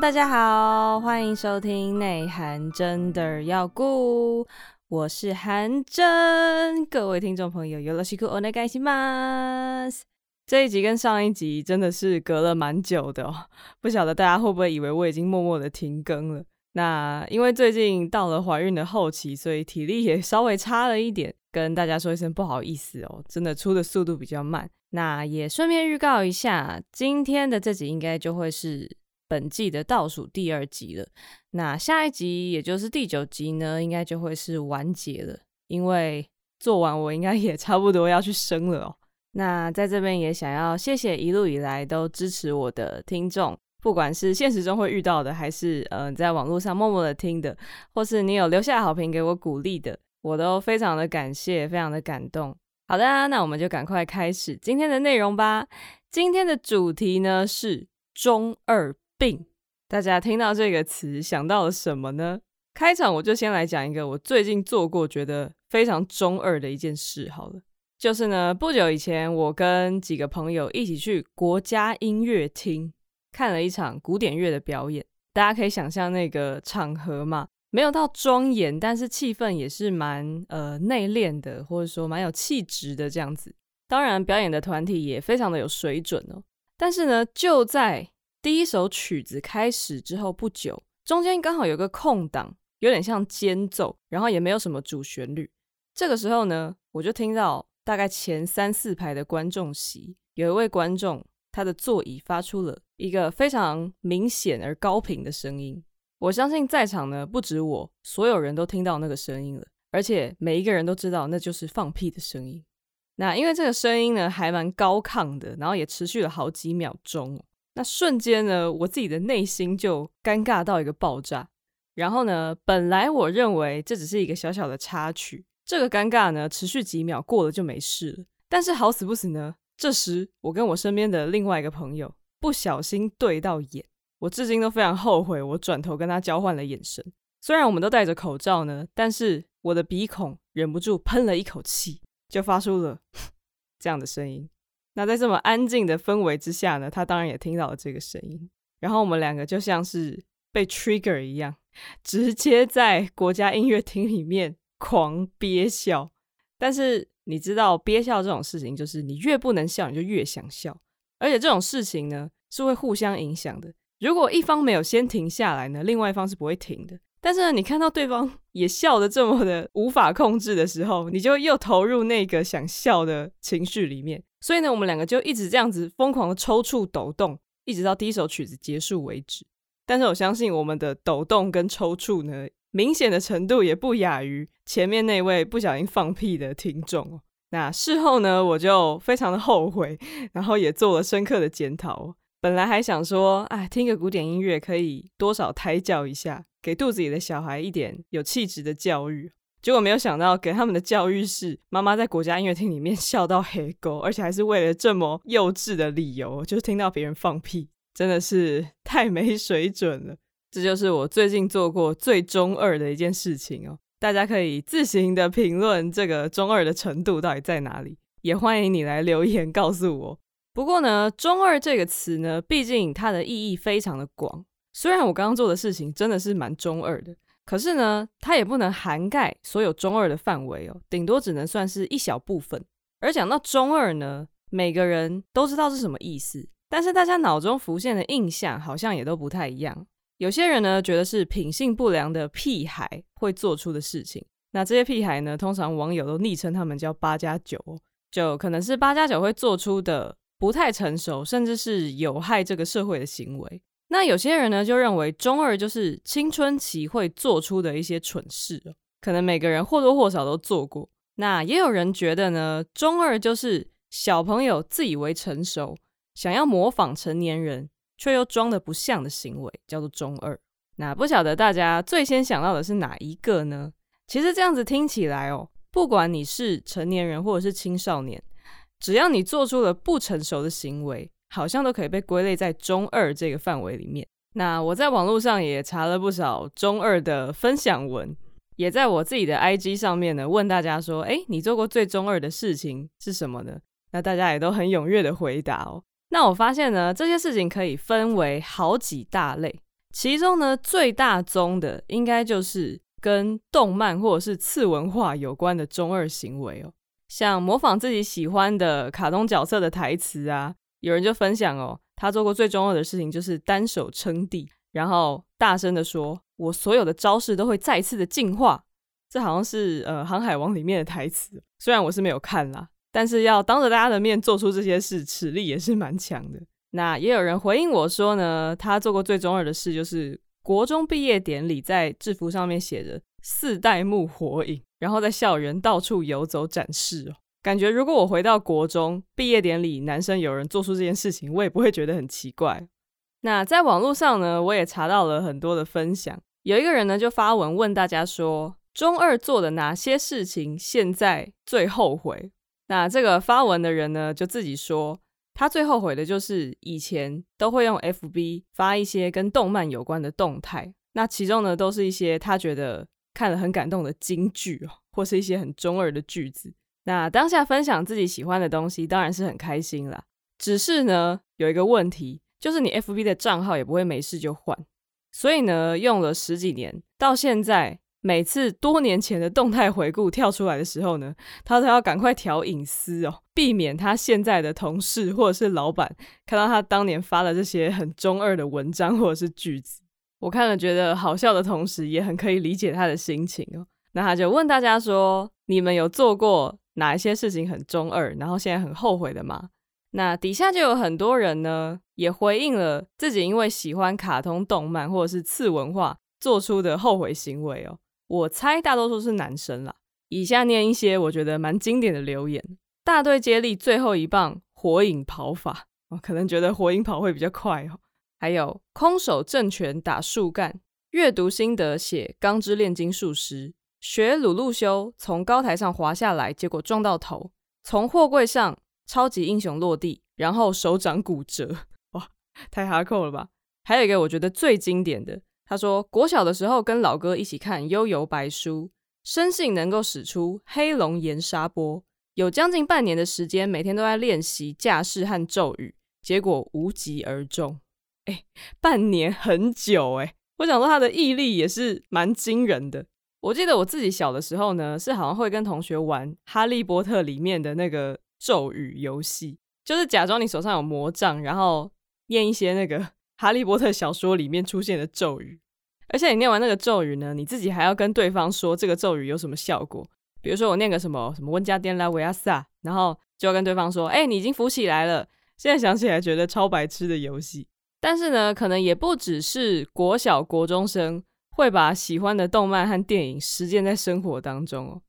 大家好，歡迎收聽內涵真的要顧，我是韓真，各位聽眾朋友，よろしくお願いします。這一集跟上一集真的是隔了蠻久的哦，不曉得大家會不會以為我已經默默的停更了？那因為最近到了懷孕的後期，所以體力也稍微差了一點，跟大家說一聲不好意思哦，真的出的速度比較慢。那也順便預告一下，今天的這集應該就會是。本季的倒數第二集了，那下一集也就是第九集呢，應該就會是完結了。因為做完，我應該也差不多要去生了哦。那在這邊也想要謝謝一路以來都支持我的聽眾，不管是現實中會遇到的，還是嗯，在網絡上默默的聽的，或是你有留下好評給我鼓勵的，我都非常的感謝，非常的感動。好的，那我們就趕快開始今天的內容吧。今天的主題呢是中二。大家聽到這個詞想到了什麼呢？開場我就先來講一個我最近做過覺得非常中二的一件事好了，就是呢，不久以前我跟幾個朋友一起去國家音樂廳看了一場古典樂的表演。大家可以想象那個場合嘛，沒有到莊嚴，但是氣氛也是蠻呃內斂的，或者說蠻有氣質的這樣子。當然，表演的團體也非常的有水準哦。但是呢，就在第一首曲子開始之後不久，中間剛好有個空檔，有點像間奏，然後也沒有什麼主旋律。這個時候呢，我就聽到大概前三四排的觀眾席有一位觀眾，他的座椅發出了一個非常明顯而高頻的聲音。我相信在場呢不止我，所有人都聽到那個聲音了，而且每一個人都知道那就是放屁的聲音。那因為這個聲音呢還蠻高亢的，然後也持續了好幾秒鐘。那瞬間呢，我自己的內心就尷尬到一個爆炸。然後呢，本來我認為這只是一個小小的插曲，這個尷尬呢持續幾秒過了就沒事了。但是好死不死呢，這時我跟我身邊的另外一個朋友不小心對到眼，我至今都非常後悔。我轉頭跟他交換了眼神，雖然我們都戴着口罩呢，但是我的鼻孔忍不住噴了一口氣，就發出了這樣的聲音。那在這麼安靜的氛圍之下呢，他當然也聽到了這個聲音，然後我們兩個就像是被 trigger 一樣，直接在國家音樂廳裡面狂憋笑。但是你知道，憋笑這種事情，就是你越不能笑，你就越想笑，而且這種事情呢是會互相影響的。如果一方沒有先停下來呢，另外一方是不會停的。但是呢，你看到對方也笑得這麼的無法控制的時候，你就又投入那個想笑的情緒裡面。所以呢，我們兩個就一直這樣子瘋狂的抽搐、抖動，一直到第一首曲子結束為止。但是我相信我們的抖動跟抽搐呢，明顯的程度也不亞於前面那位不小心放屁的聽眾。那事後呢，我就非常的後悔，然後也做了深刻的檢討。本來還想說，哎，聽個古典音樂可以多少胎教一下，給肚子裡的小孩一點有氣質的教育。結果沒有想到，給他們的教育是媽媽在國家音樂廳裡面笑到黑溝，而且還是為了這麼幼稚的理由，就聽到別人放屁，真的是太沒水準了。這就是我最近做過最中二的一件事情哦。大家可以自行的評論這個中二的程度到底在哪裡，也歡迎你來留言告訴我。不過呢，中二這個詞呢，畢竟它的意義非常的廣。雖然我剛剛做的事情真的是蠻中二的，可是呢，它也不能涵蓋所有中二的範圍哦，頂多只能算是一小部分。而講到中二呢，每個人都知道是什麼意思，但是大家腦中浮現的印象好像也都不太一樣。有些人呢，覺得是品性不良的屁孩會做出的事情。那這些屁孩呢，通常網友都昵稱他們叫八加九哦，就可能是八加九會做出的。不太成熟，甚至是有害這個社會的行為。那有些人呢，就認為中二就是青春期會做出的一些蠢事哦，可能每個人或多或少都做過。那也有人覺得呢，中二就是小朋友自以為成熟，想要模仿成年人，卻又裝得不像的行為，叫做中二。那不曉得大家最先想到的是哪一個呢？其實這樣子聽起來哦，不管你是成年人或者是青少年。只要你做出了不成熟的行為，好像都可以被歸類在中二這個範圍裡面。那我在網絡上也查了不少中二的分享文，也在我自己的 IG 上面呢，問大家說，欸，你做過最中二的事情是什麼呢？那大家也都很踴躍的回答哦。那我發現呢，這些事情可以分為好幾大類，其中呢，最大宗的應該就是跟動漫或者是次文化有關的中二行為哦。像模仿自己喜歡的卡通角色的台詞啊，有人就分享哦，他做過最中二的事情就是單手撐地，然後大聲的說：“我所有的招式都會再次的進化。”這好像是呃《航海王》裡面的台詞，雖然我是沒有看啦，但是要當着大家的面做出這些事，實力也是蠻強的。那也有人回應我說呢，他做過最中二的事就是國中畢業典禮在制服上面寫着，四代目火影，然後在校園到處遊走展示哦。感覺如果我回到國中畢業典禮，男生有人做出這件事情，我也不會覺得很奇怪。那在網絡上呢，我也查到了很多的分享。有一個人呢就發文問大家說，中二做的哪些事情現在最後悔？那這個發文的人呢，就自己說他最後悔的就是以前都會用 FB 發一些跟動漫有關的動態，那其中呢都是一些他覺得。看了很感動的金句哦，或是一些很中二的句子。那當下分享自己喜歡的東西，當然是很開心啦。只是呢，有一個問題，就是你 FB 的賬號也不會沒事就換。所以呢，用了十幾年，到現在，每次多年前的動態回顧跳出來的時候呢，他都要趕快調隱私哦，避免他現在的同事或者是老板看到他當年發的這些很中二的文章或者是句子。我看了覺得好笑的同時，也很可以理解他的心情哦。那他就問大家說：“你們有做過哪一些事情很中二，然後現在很後悔的嗎？”那底下就有很多人呢，也回應了自己因為喜歡卡通動漫或者是次文化做出的後悔行為哦。我猜大多數是男生啦。以下念一些我覺得蠻經典的留言：大隊接力最後一棒，火影跑法。我可能覺得火影跑會比較快哦。還有空手正拳打樹幹，閱讀心得寫《鋼之鍊金術師》，學魯路修從高台上滑下來，結果撞到頭，從貨櫃上超級英雄落地，然後手掌骨折，哇，太哈扣了吧！還有一個我覺得最經典的，他說，國小的時候跟老哥一起看《幽遊白書》，深信能夠使出黑龍炎殺波，有將近半年的時間，每天都在練習架勢和咒語，結果無疾而終。哎，半年很久哎，我想說他的毅力也是蠻驚人的。我記得我自己小的時候呢，是好像會跟同學玩《哈利波特》裡面的那個咒語遊戲，就是假裝你手上有魔杖，然後念一些那個《哈利波特》小說裡面出現的咒語，而且你念完那個咒語呢，你自己還要跟對方說這個咒語有什麼效果。比如說我念個什麼什麼溫咖癲拉維亞薩，然後就要跟對方說：“哎，你已經浮起來了。”現在想起來覺得超白痴的遊戲。但是呢，可能也不只是國小、國中生會把喜歡的動漫和電影實踐在生活當中哦。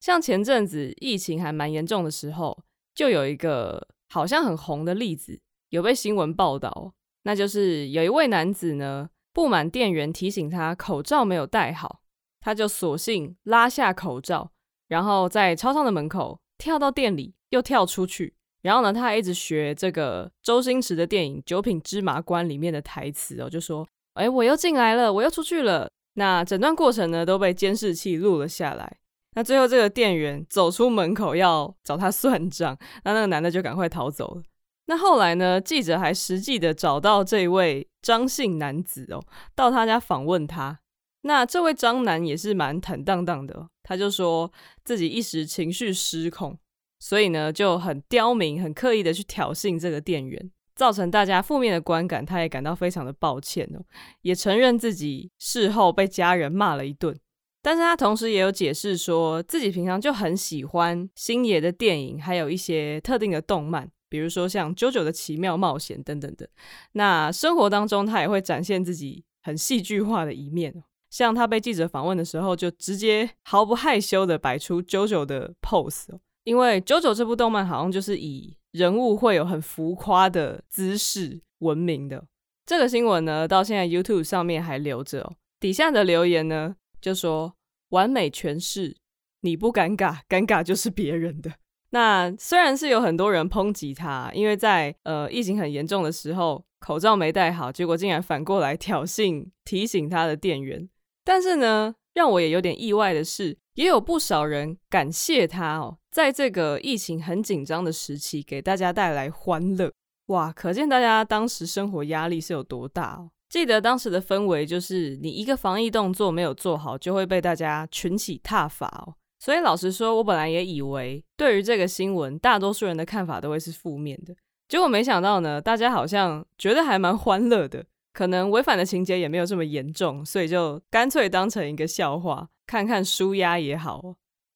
像前陣子疫情還蠻嚴重的時候，就有一個好像很紅的例子，有被新聞報道，那就是有一位男子呢，不滿店員提醒他口罩沒有戴好，他就索性拉下口罩，然後在超商的門口跳到店裡，又跳出去。然後呢，他還一直學這個周星馳的電影《九品芝麻官》裡面的台詞哦，就說：“哎，我又進來了，我又出去了。”那整段過程呢都被監視器錄了下來。那最後這個店員走出門口要找他算賬，那那個男的就趕快逃走了。那後來呢，記者還實際的找到這位張姓男子哦，到他家訪問他。那這位張男也是蠻坦蕩蕩的哦，他就說自己一時情緒失控。所以呢，就很刁民，很刻意的去挑釁這個店員，造成大家負面的觀感。他也感到非常的抱歉哦，也承認自己事後被家人罵了一頓。但是他同時也有解釋說自己平常就很喜歡星爺的電影，還有一些特定的動漫，比如說像《九九的奇妙冒險》等等等。那生活當中，他也會展現自己很戲劇化的一面，哦，像他被記者訪問的時候，就直接毫不害羞的擺出九九的 pose，哦。因為 JoJo 這部動漫好像就是以人物會有很浮誇的姿勢聞名的。這個新聞呢，到現在 YouTube 上面還留着哦。底下的留言呢，就說完美詮釋你不尷尬，尷尬就是別人的。那雖然是有很多人抨擊他，因為在呃疫情很嚴重的時候口罩沒戴好，結果竟然反過來挑釁提醒他的店員。但是呢，讓我也有點意外的是。也有不少人感謝他哦，在這個疫情很緊張的時期，給大家帶來歡樂。哇，可見大家當時生活壓力是有多大哦。記得當時的氛圍就是，你一個防疫動作沒有做好，就會被大家群起撻伐哦。所以老實說，我本來也以為對於這個新聞，大多數人的看法都會是負面的。結果沒想到呢，大家好像覺得還蠻歡樂的，可能違反的情節也沒有這麼嚴重，所以就乾脆當成一個笑話。看看紓壓也好，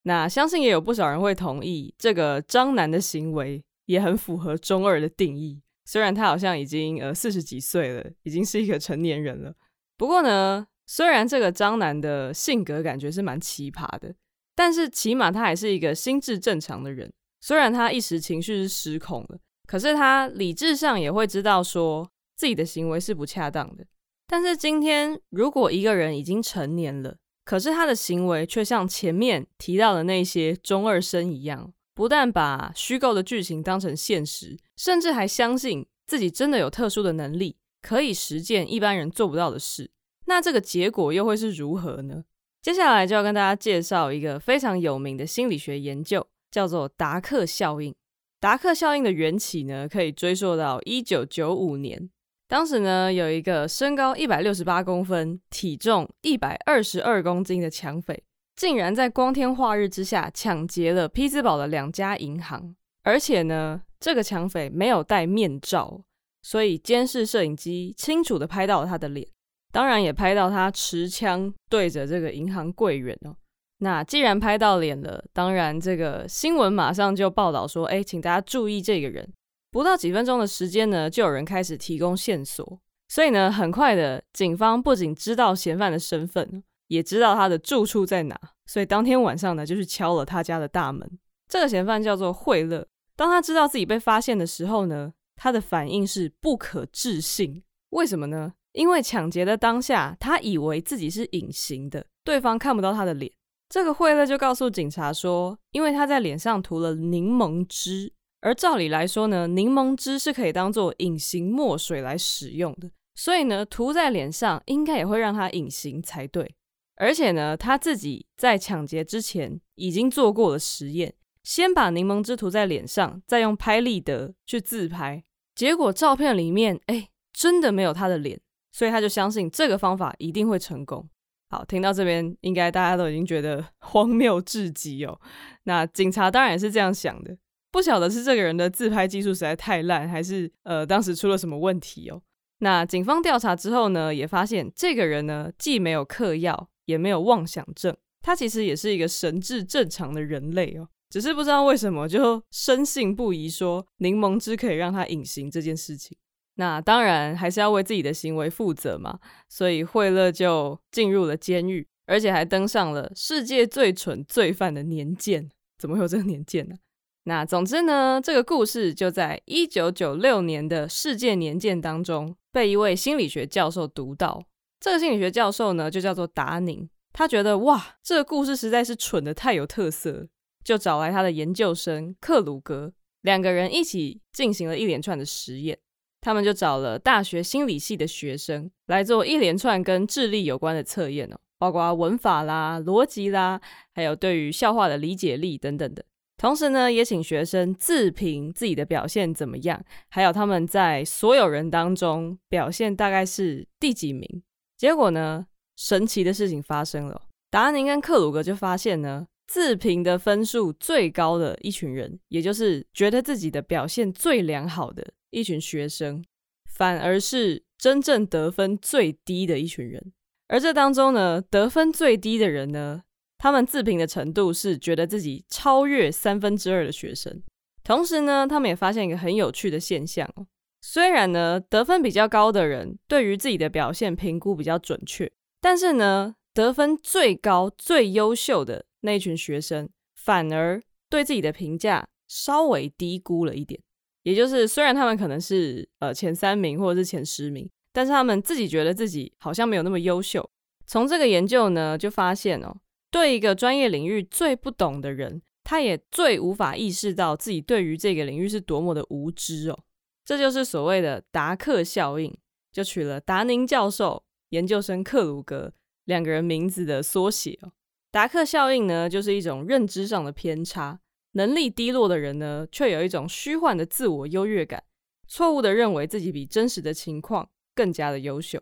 那相信也有不少人會同意這個張男的行為也很符合中二的定義。雖然他好像已經呃四十幾歲了，已經是一個成年人了。不過呢，雖然這個張男的性格感覺是蠻奇葩的，但是起碼他還是一個心智正常的人。雖然他一時情緒是失控了，可是他理智上也會知道說自己的行為是不恰當的。但是今天如果一個人已經成年了，可是他的行為卻像前面提到的那些中二生一樣，不但把虛構的劇情當成現實，甚至還相信自己真的有特殊的能力，可以實踐一般人做不到的事。那這個結果又會是如何呢？接下來就要跟大家介紹一個非常有名的心理學研究，叫做達克效應。達克效應的緣起呢，可以追溯到1995年。當時呢，有一個身高一百六十八公分、體重一百二十二公斤的搶匪，竟然在光天化日之下搶劫了匹茲堡的兩家銀行，而且呢，這個搶匪沒有戴面罩，所以監視攝影機清楚的拍到了他的臉，當然也拍到他持槍對着這個銀行櫃員哦。那既然拍到臉了，當然這個新聞馬上就報道說，哎，請大家注意這個人。不到幾分鐘的時間呢，就有人開始提供線索，所以呢，很快的，警方不僅知道嫌犯的身份，也知道他的住處在哪，所以當天晚上呢，就去敲了他家的大門。這個嫌犯叫做惠勒。當他知道自己被發現的時候呢，他的反應是不可置信。為什麼呢？因為搶劫的當下，他以為自己是隱形的，對方看不到他的臉。這個惠勒就告訴警察說，因為他在臉上塗了檸檬汁。而照理來說呢，檸檬汁是可以當做隱形墨水來使用的，所以呢，塗在臉上應該也會讓它隱形才對。而且呢，他自己在搶劫之前已經做過了實驗，先把檸檬汁塗在臉上，再用拍立得去自拍，結果照片裡面，哎，真的沒有他的臉，所以他就相信這個方法一定會成功。好，聽到這邊，應該大家都已經覺得荒謬至極哦。那警察當然也是這樣想的。不曉得是這個人的自拍技術實在太爛，還是呃當時出了什麼問題哦？那警方調查之後呢，也發現這個人呢既沒有嗑藥，也沒有妄想症，他其實也是一個神智正常的人類哦，只是不知道為什麼就深信不疑說檸檬汁可以讓他隱形這件事情。那當然還是要為自己的行為負責嘛，所以惠勒就進入了監獄，而且還登上了世界最蠢罪犯的年鑑。怎麼會有這個年鑑呢？啊？那總之呢，這個故事就在一九九六年的世界年鑑當中被一位心理學教授讀到。這個心理學教授呢，就叫做達寧。他覺得哇，這個故事實在是蠢得太有特色，就找來他的研究生克魯格，兩個人一起進行了一連串的實驗。他們就找了大學心理系的學生來做一連串跟智力有關的測驗哦，包括文法啦、邏輯啦，還有對於笑話的理解力等等的。同時呢，也請學生自評自己的表現怎麼樣，還有他們在所有人當中表現大概是第幾名。結果呢，神奇的事情發生了。達寧跟克魯格就發現呢，自評的分數最高的一群人，也就是覺得自己的表現最良好的一群學生，反而是真正得分最低的一群人。而這當中呢，得分最低的人呢？他們自評的程度是覺得自己超越三分之二的學生，同時呢，他們也發現一個很有趣的現象哦。雖然呢，得分比較高的人對於自己的表現評估比較準確，但是呢，得分最高、最優秀的那一群學生，反而對自己的評價稍微低估了一點。也就是，雖然他們可能是呃前三名或者是前十名，但是他們自己覺得自己好像沒有那麼優秀。從這個研究呢，就發現哦。對一個專業領域最不懂的人，他也最無法意識到自己對於這個領域是多麼的無知哦。這就是所謂的達克效應，就取了達寧教授、研究生克魯格兩個人名字的縮寫哦。達克效應呢，就是一種認知上的偏差，能力低落的人呢，卻有一種虛幻的自我優越感，錯誤地認為自己比真實的情況更加的優秀，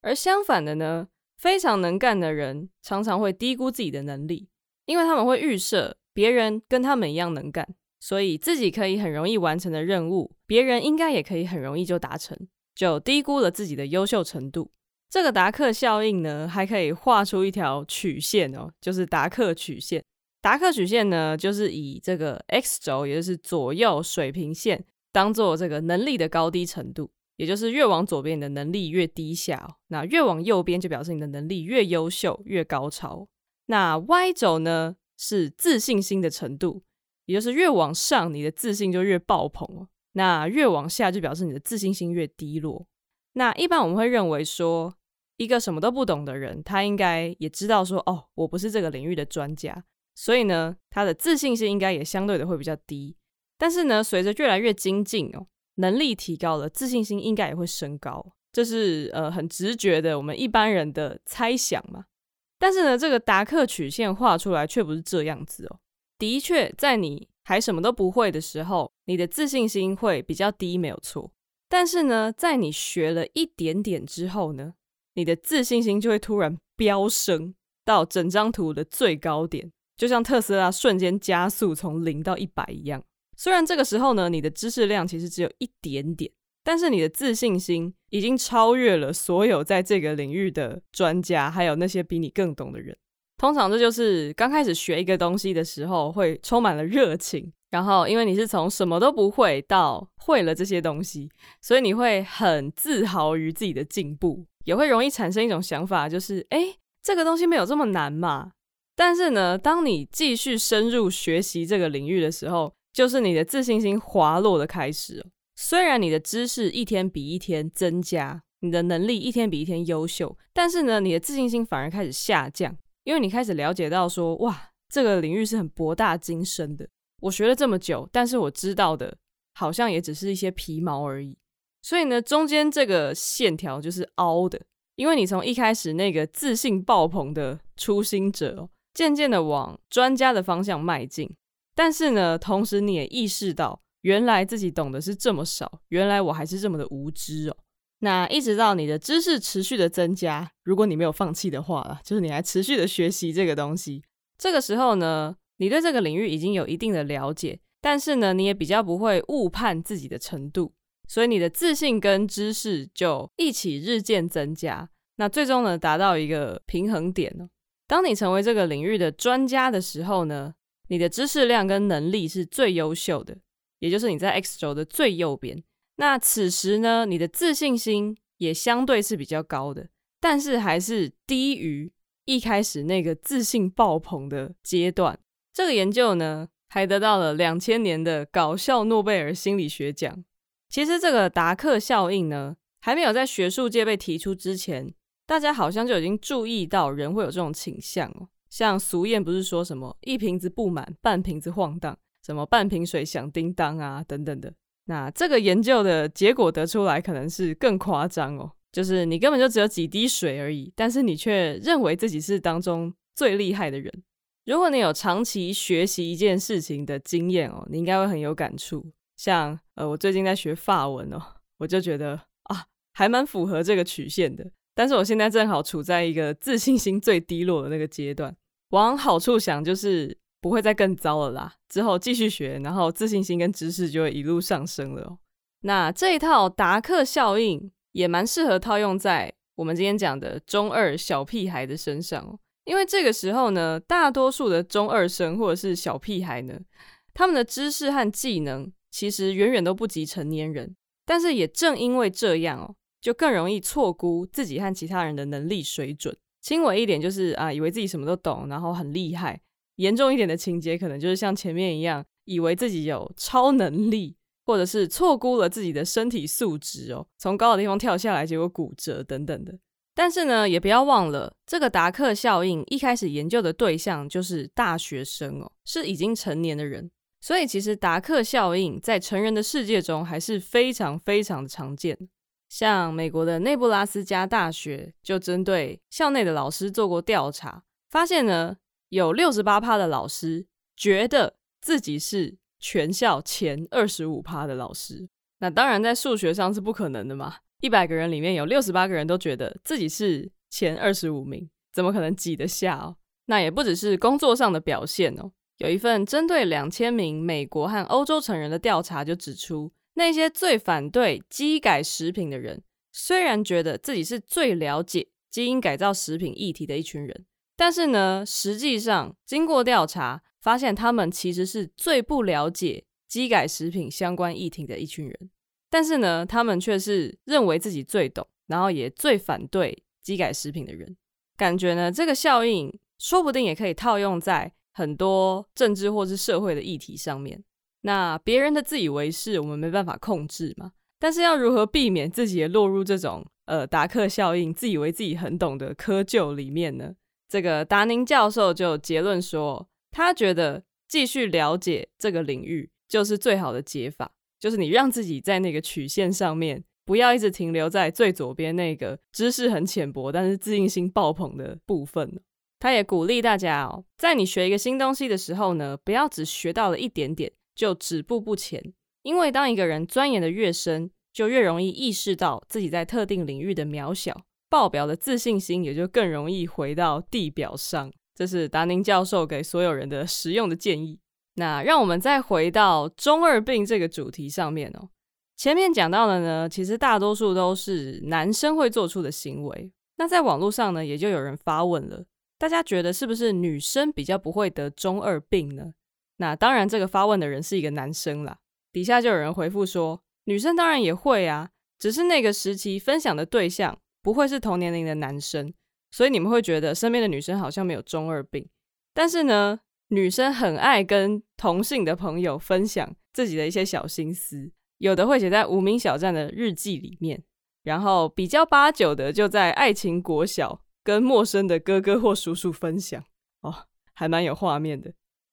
而相反的呢。非常能幹的人常常會低估自己的能力，因為他們會預設別人跟他們一樣能幹，所以自己可以很容易完成的任務，別人應該也可以很容易就達成，就低估了自己的優秀程度。這個達克效應呢，還可以畫出一條曲線哦，就是達克曲線。達克曲線呢，就是以這個 X 軸，也就是左右水平線，當做這個能力的高低程度。也就是越往左邊，你的能力越低下；那越往右邊，就表示你的能力越優秀、越高超。那 Y 軸呢，是自信心的程度，也就是越往上，你的自信就越爆棚；那越往下，就表示你的自信心越低落。那一般我們會認為說，一個什麼都不懂的人，他應該也知道說，哦，我不是這個領域的專家，所以呢，他的自信心應該也相對的會比較低。但是呢，隨着越來越精進哦。能力提高了，自信心應該也會升高，這是呃很直覺的，我們一般人的猜想嘛。但是呢，這個達克曲線畫出來卻不是這樣子哦。的確，在你還什麼都不會的時候，你的自信心會比較低，沒有錯。但是呢，在你學了一點點之後呢，你的自信心就會突然飆升到整張圖的最高點，就像特斯拉瞬間加速從零到一百一樣。雖然這個時候呢，你的知識量其實只有一點點，但是你的自信心已經超越了所有在這個領域的專家，還有那些比你更懂的人。通常這就是剛開始學一個東西的時候，會充滿了熱情。然後，因為你是從什麼都不會到會了這些東西，所以你會很自豪於自己的進步，也會容易產生一種想法，就是誒，這個東西沒有這麼難嘛。但是呢，當你繼續深入學習這個領域的時候，就是你的自信心滑落的開始喔。雖然你的知識一天比一天增加，你的能力一天比一天優秀，但是呢，你的自信心反而開始下降，因為你開始了解到說，哇，這個領域是很博大精深的。我學了這麼久，但是我知道的，好像也只是一些皮毛而已。所以呢，中間這個線條就是凹的，因為你從一開始那個自信爆棚的初心者，漸漸的往專家的方向邁進。但是呢，同時你也意識到，原來自己懂得是這麼少，原來我還是這麼的無知哦。那一直到你的知識持續的增加，如果你沒有放棄的話啦，就是你還持續的學習這個東西。這個時候呢，你對這個領域已經有一定的了解，但是呢，你也比較不會誤判自己的程度，所以你的自信跟知識就一起日漸增加。那最終呢，達到一個平衡點哦。當你成為這個領域的專家的時候呢，你的知識量跟能力是最優秀的，也就是你在 X 軸的最右邊。那此時呢，你的自信心也相對是比較高的，但是還是低於一開始那個自信爆棚的階段。這個研究呢，還得到了兩千年的搞笑諾貝爾心理學獎。其實這個達克效應呢，還沒有在學術界被提出之前，大家好像就已經注意到人會有這種傾向喔。像俗諺不是說什麼一瓶子不滿半瓶子晃蕩，什麼半瓶水響叮當啊等等的。那這個研究的結果得出來，可能是更誇張哦，就是你根本就只有幾滴水而已，但是你卻認為自己是當中最厲害的人。如果你有長期學習一件事情的經驗哦，你應該會很有感觸。像呃，我最近在學法文哦，我就覺得啊，還蠻符合這個曲線的。但是我現在正好處在一個自信心最低落的那個階段。往好處想，就是不會再更糟了啦。之後繼續學，然後自信心跟知識就會一路上升了喔。那這一套達克效應也蠻適合套用在我們今天講的中二小屁孩的身上喔，因為這個時候呢，大多數的中二生或者是小屁孩呢，他們的知識和技能其實遠遠都不及成年人，但是也正因為這樣哦，就更容易錯估自己和其他人的能力水準。輕微一點就是啊，以為自己什麼都懂，然後很厲害；嚴重一點的情節可能就是像前面一樣，以為自己有超能力，或者是錯估了自己的身體素質哦，從高的地方跳下來，結果骨折等等的。但是呢，也不要忘了，這個達克效應一開始研究的對象就是大學生哦，是已經成年的人，所以其實達克效應在成人的世界中還是非常非常常見的。像美國的內布拉斯加大學就針對校內的老師做過調查，發現呢，有六十八趴的老師覺得自己是全校前二十五趴的老師。那當然在數學上是不可能的嘛，一百個人裡面有六十八個人都覺得自己是前二十五名，怎麼可能擠得下哦？那也不只是工作上的表現哦，有一份針對兩千名美國和歐洲成人的調查就指出。那些最反對基改食品的人，雖然覺得自己是最了解基因改造食品議題的一群人，但是呢，實際上經過調查發現，他們其實是最不了解基改食品相關議題的一群人。但是呢，他們卻是認為自己最懂，然後也最反對基改食品的人。感覺呢，這個效應說不定也可以套用在很多政治或是社會的議題上面。那別人的自以為是，我們沒辦法控制嘛。但是要如何避免自己也落入這種呃達克效應，自以為自己很懂的窠臼裡面呢？這個達寧教授就結論說，他覺得繼續了解這個領域就是最好的解法，就是你讓自己在那個曲線上面，不要一直停留在最左邊那個知識很淺薄，但是自信心爆棚的部分。他也鼓勵大家哦，在你學一個新東西的時候呢，不要只學到了一點點就止步不前，因為當一個人鑽研的越深，就越容易意識到自己在特定領域的渺小，爆表的自信心也就更容易回到地表上。這是達寧教授給所有人的實用的建議。那讓我們再回到中二病這個主題上面哦。前面講到的呢，其實大多數都是男生會做出的行為。那在網絡上呢，也就有人發問了，大家覺得是不是女生比較不會得中二病呢？那當然，這個發問的人是一個男生啦。底下就有人回復說：“女生當然也會啊，只是那個時期分享的對象不會是同年齡的男生，所以你們會覺得身邊的女生好像沒有中二病。但是呢，女生很愛跟同性的朋友分享自己的一些小心思，有的會寫在無名小站的日記裡面，然後比較八九的就在愛情國小跟陌生的哥哥或叔叔分享。哦，還蠻有畫面的。”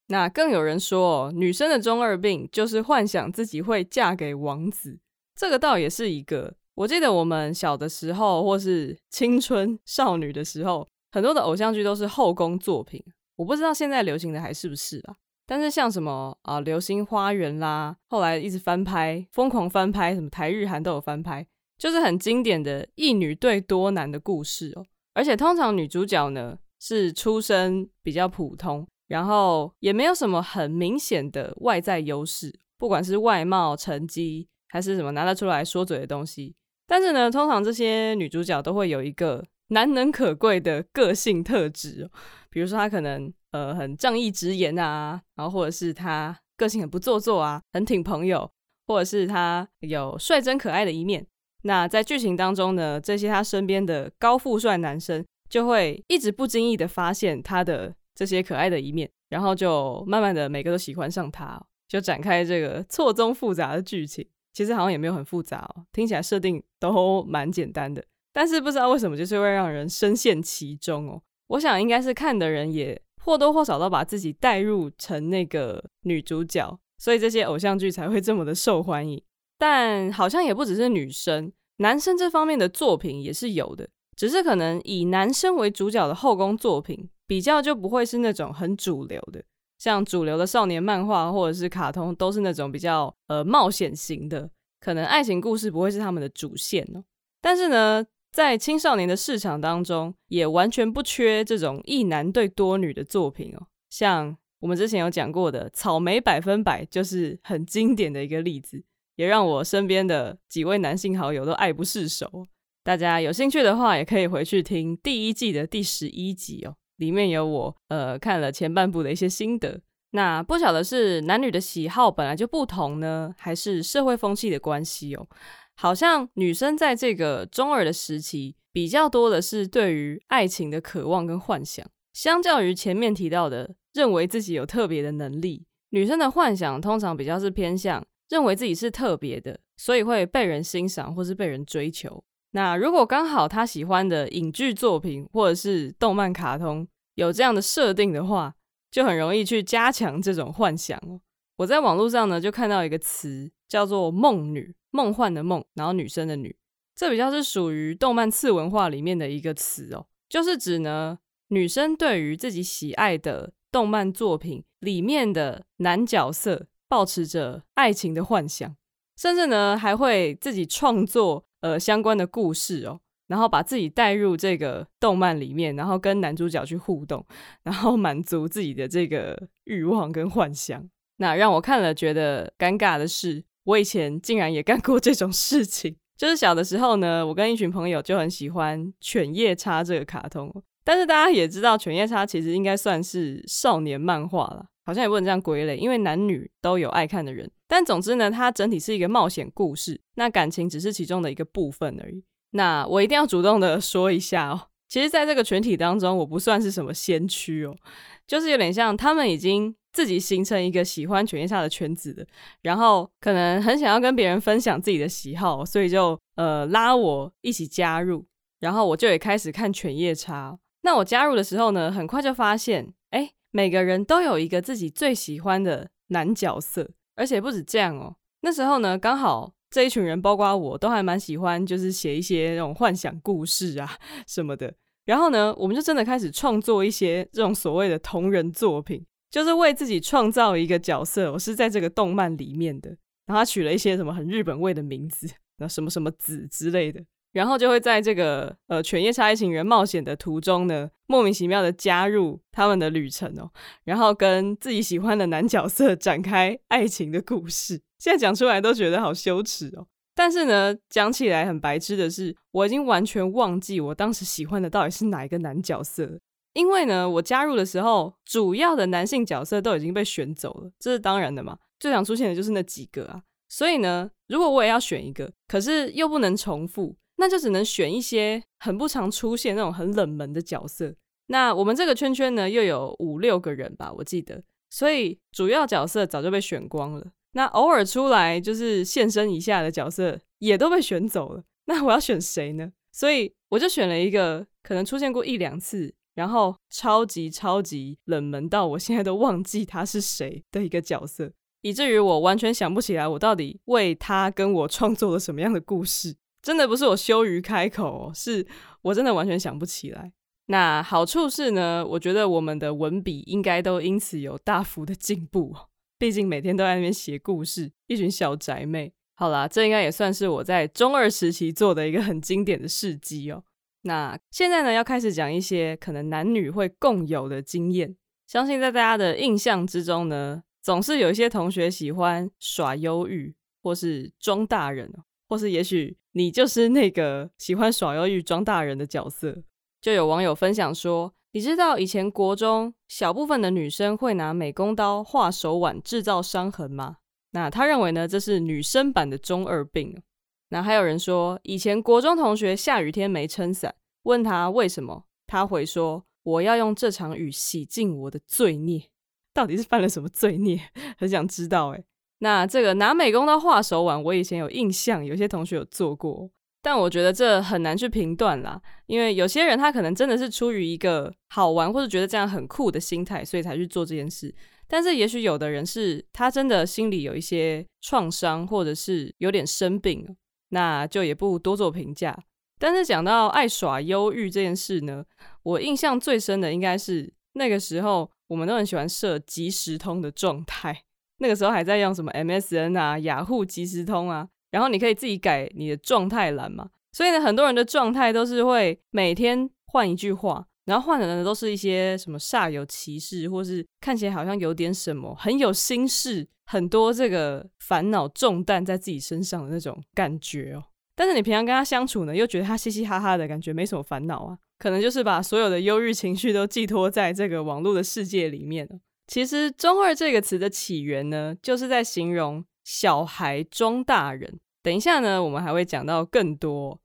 那更有人說哦，女生的中二病就是幻想自己會嫁給王子，這個倒也是一個。我記得我們小的時候，或是青春少女的時候，很多的偶像劇都是後宮作品。我不知道現在流行的還是不是吧？但是像什麼啊《流星花園》啦，後來一直翻拍，瘋狂翻拍，什麼台日韓都有翻拍，就是很經典的“一女對多男”的故事哦。而且通常女主角呢是出身比較普通。然後也沒有什麼很明顯的外在優勢，不管是外貌、成績還是什麼拿得出來說嘴的東西。但是呢，通常這些女主角都會有一個難能可貴的個性特質，比如說她可能呃很仗義執言啊，然後或者是她個性很不做作啊，很挺朋友，或者是她有率真可愛的一面。那在劇情當中呢，這些她身邊的高富帥男生就會一直不經意的發現她的這些可愛的一面，然後就慢慢的每個都喜歡上他，就展開這個錯綜複雜的劇情。其實好像也沒有很複雜哦，聽起來設定都蠻簡單的，但是不知道為什麼就是會讓人深陷其中哦。我想應該是看的人也或多或少都把自己帶入成那個女主角，所以這些偶像劇才會這麼的受歡迎。但好像也不只是女生，男生這方面的作品也是有的，只是可能以男生為主角的後宮作品。比較就不會是那種很主流的，像主流的少年漫畫或者是卡通，都是那種比較呃冒險型的，可能愛情故事不會是他們的主線哦。但是呢，在青少年的市場當中，也完全不缺這種一男對多女的作品哦。像我們之前有講過的《草莓百分百》就是很經典的一個例子，也讓我身邊的幾位男性好友都愛不釋手哦。大家有興趣的話，也可以回去聽第一季的第十一集哦。裡面有我呃看了前半部的一些心得。那不曉得是男女的喜好本來就不同呢，還是社會風氣的關係哦？好像女生在這個中二的時期，比較多的是對於愛情的渴望跟幻想。相較於前面提到的，認為自己有特別的能力。女生的幻想通常比較是偏向，認為自己是特別的，所以會被人欣賞或是被人追求。那如果剛好他喜歡的影劇作品或者是動漫卡通有這樣的設定的話，就很容易去加強這種幻想哦。我在網絡上呢就看到一個詞叫做“夢女”，夢幻的夢，然後女生的女，這比較是屬於動漫次文化裡面的一個詞哦，就是指呢女生對於自己喜愛的動漫作品裡面的男角色抱持着愛情的幻想，甚至呢還會自己創作。呃，相關的故事哦，然後把自己帶入這個動漫裡面，然後跟男主角去互動，然後滿足自己的這個慾望跟幻想。那讓我看了覺得尷尬的是，我以前竟然也幹過這種事情。就是小的時候呢，我跟一群朋友就很喜歡《犬夜叉》這個卡通。但是大家也知道，《犬夜叉》其實應該算是少年漫畫啦，好像也不能這樣歸類，因為男女都有愛看的人。但總之呢，它整體是一個冒險故事，那感情只是其中的一個部分而已。那我一定要主動的說一下哦，其實，在這個群體當中，我不算是什麼先驅哦，就是有點像他們已經自己形成一個喜歡犬夜叉的圈子的，然後可能很想要跟別人分享自己的喜好，所以就呃拉我一起加入，然後我就也開始看犬夜叉。那我加入的時候呢，很快就發現，哎，每個人都有一個自己最喜歡的男角色。而且不止這樣哦，那時候呢，剛好這一群人，包括我都還蠻喜歡，就是寫一些那種幻想故事啊什麼的。然後呢，我們就真的開始創作一些這種所謂的同人作品，就是為自己創造一個角色哦，我是在這個動漫裡面的。然後他取了一些什麼很日本味的名字，然後什麼什麼子之類的。然後就會在這個呃《犬夜叉》愛情人冒險的途中呢，莫名其妙的加入他們的旅程哦，然後跟自己喜歡的男角色展開愛情的故事。現在講出來都覺得好羞恥哦。但是呢，講起來很白痴的是，我已經完全忘記我當時喜歡的到底是哪一個男角色了，因為呢，我加入的時候，主要的男性角色都已經被選走了，這是當然的嘛。最想出現的就是那幾個啊。所以呢，如果我也要選一個，可是又不能重複。那就只能選一些很不常出現，那種很冷門的角色。那我們這個圈圈呢，又有五六個人吧，我記得。所以主要角色早就被選光了。那偶爾出來就是現身一下的角色，也都被選走了。那我要選誰呢？所以我就選了一個可能出現過一兩次，然後超級超級冷門到我現在都忘記他是誰的一個角色，以至於我完全想不起來我到底為他跟我創作了什麼樣的故事。真的不是我羞於開口哦，是我真的完全想不起來。那好處是呢，我覺得我們的文筆應該都因此有大幅的進步哦。畢竟每天都在那邊寫故事，一群小宅妹。好啦，這應該也算是我在中二時期做的一個很經典的事蹟哦。那現在呢，要開始講一些可能男女會共有的經驗。相信在大家的印象之中呢，總是有一些同學喜歡耍憂鬱，或是裝大人，或是也許。你就是那個喜歡耍憂鬱裝大人的角色。就有網友分享說，你知道以前國中小部分的女生會拿美工刀畫手腕製造傷痕嗎？那他認為呢，這是女生版的中二病。那還有人說，以前國中同學下雨天沒撐傘，問他為什麼，他回說，我要用這場雨洗盡我的罪孽。到底是犯了什麼罪孽？ 很想知道誒。那這個拿美工刀畫手腕，我以前有印象，有些同學有做過，但我覺得這很難去評斷啦，因為有些人他可能真的是出於一個好玩或者覺得這樣很酷的心態，所以才去做這件事。但是也許有的人是他真的心裡有一些創傷，或者是有點生病，那就也不多做評價。但是講到愛耍憂鬱這件事呢，我印象最深的應該是那個時候我們都很喜歡設即時通的狀態。那個時候還在用什麼 MSN 啊、雅虎即時通啊，然後你可以自己改你的狀態欄嘛。所以呢，很多人的狀態都是會每天換一句話，然後換的呢都是一些什麼煞有其事，或是看起來好像有點什麼很有心事，很多這個煩惱重擔在自己身上的那種感覺哦、喔。但是你平常跟他相處呢，又覺得他嘻嘻哈哈的感覺沒什麼煩惱啊，可能就是把所有的憂鬱情緒都寄托在這個網絡的世界裡面、喔其實“中二”這個詞的起源呢，就是在形容小孩裝大人。等一下呢，我們還會講到更多。